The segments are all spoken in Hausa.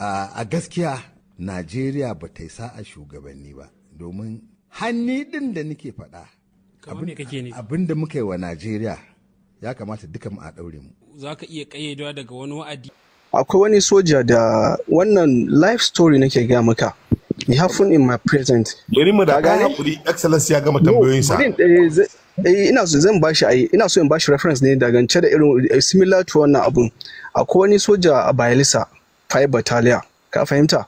a gaskiya najeriya ba ta yi sa'a shugabanni ba domin hanni din da nake faɗa abin da muka yi wa najeriya ya kamata duka mu a ɗaure mu za ka iya ƙayyadewa daga wani wa'adi akwai wani soja da wannan life story nake gaya maka it happened in my present bari mu da gane hakuri excellence ya gama tambayoyinsa eh, eh, ina so zan bashi ai ina so in bashi reference ne dagance da irin eh, similar to wannan abun akwai wani soja a Bayelsa 5 battalion ka fahimta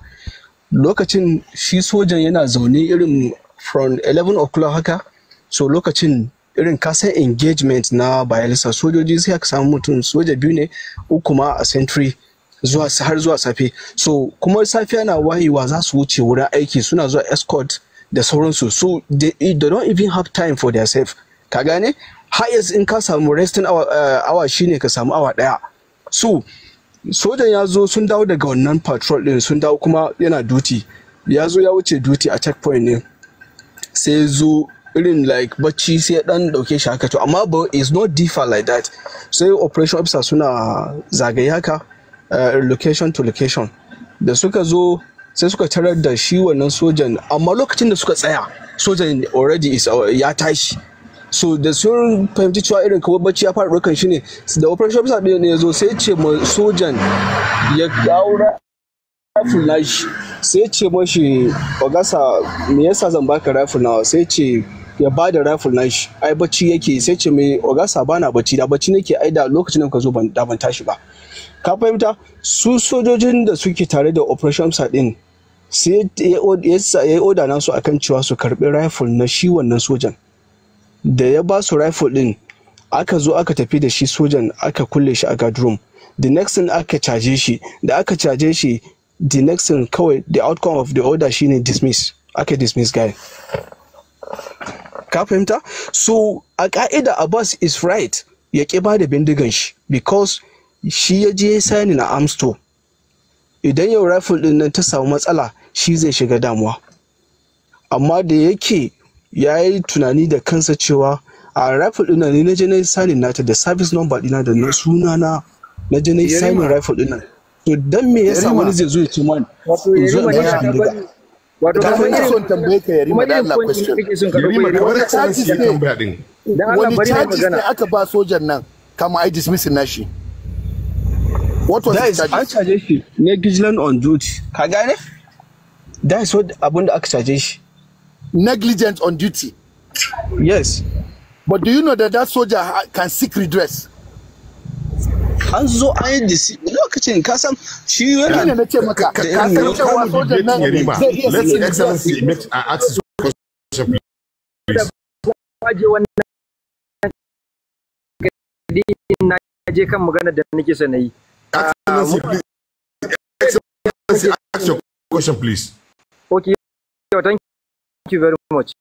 lokacin shi sojan yana zaune irin from 11 o'clock haka so lokacin irin kasan engagement na bayelsa sojoji sai aka samu mutum soja biyu ne uku ma a century zuwa har zuwa safe so kuma safiya na wayewa za su wuce wurin aiki suna zuwa escort da sauransu so they, they don't even have time for their self ka gane highest in ka samu resting hour, eh, shine ka samu awa daya so sojan ya zo sun dawo daga wannan patrol din sun dawo kuma yana duty ya zo ya wuce duty a checkpoint ne sai ya zo irin like bacci sai dan dauke shi haka to amma ba is not differ like that sai operation officer suna zagaye haka eh, location to location da suka zo sai suka tarar da shi wannan sojan amma lokacin da suka tsaya sojan already is ya tashi so da sun fahimci cewa irin kawai bacci ya fara ɗaukan shi ne da operation officer ɗaya ne ya zo sai ce ma sojan ya gaura rifle na shi sai ce shi ogasa me yasa zan baka rifle nawa sai ce ya ba da rifle na shi ai bacci yake sai ce mai ogasa bana bacci da bacci nake ai da lokacin da ka zo ban da ban tashi ba ka fahimta su sojojin da suke tare da operation officer ɗin sai ya yi oda nasu akan cewa su karbi rifle na shi wannan sojan da ya ba su rifle din aka zo aka tafi da shi sojan aka kulle shi a room the next thing aka caje shi da aka caje shi the next thing kawai the outcome of the order shine dismiss aka dismiss guy ka fahimta so a ka'ida abbas is right ya ki ba da bindigan shi because shi ya je sani na amsto idan yau rifle din nan ta samu matsala shi zai shiga damuwa amma da yake ya tunani da kansa cewa a rifle ɗin ne na sani na sanin da service number ɗina da na suna na na je sanin rifle ɗin to dan me yasa wani zai zo ya ce man wato son tambaye ka yari Allah question yari ya tambaya din wani charges ne aka ba sojan nan kama ai what was the charges an charge shi on duty ka gane that is what da aka charge shi negligence on duty. Yes. But do you know that that soldier can seek redress? an zo an yi disi lokacin kasan shi yana ne na ce maka ka cewa sojan nan zai iya sakin uh, ask question na je kan magana da nake so na ah, excellency ask your question please okay Thank you very much.